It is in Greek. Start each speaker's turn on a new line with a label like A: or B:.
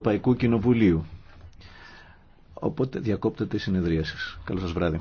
A: Ευρωπαϊκού Κοινοβουλίου. Οπότε διακόπτεται η συνεδρία σας. Καλό σας βράδυ.